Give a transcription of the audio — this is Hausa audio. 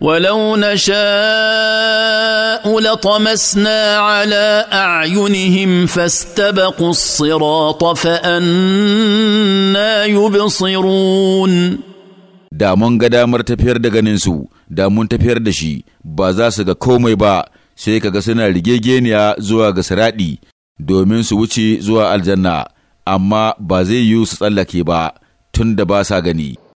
ولو نشاء لطمسنا على اعينهم فاستبقوا الصراط فانا يبصرون da mun ga damar tafiyar da ganinsu da mun tafiyar da shi ba za su ga komai ba sai ka ga suna rigegeniya zuwa ga siraɗi domin su wuce zuwa aljanna amma ba zai yiwu su tsallake ba tun da ba sa gani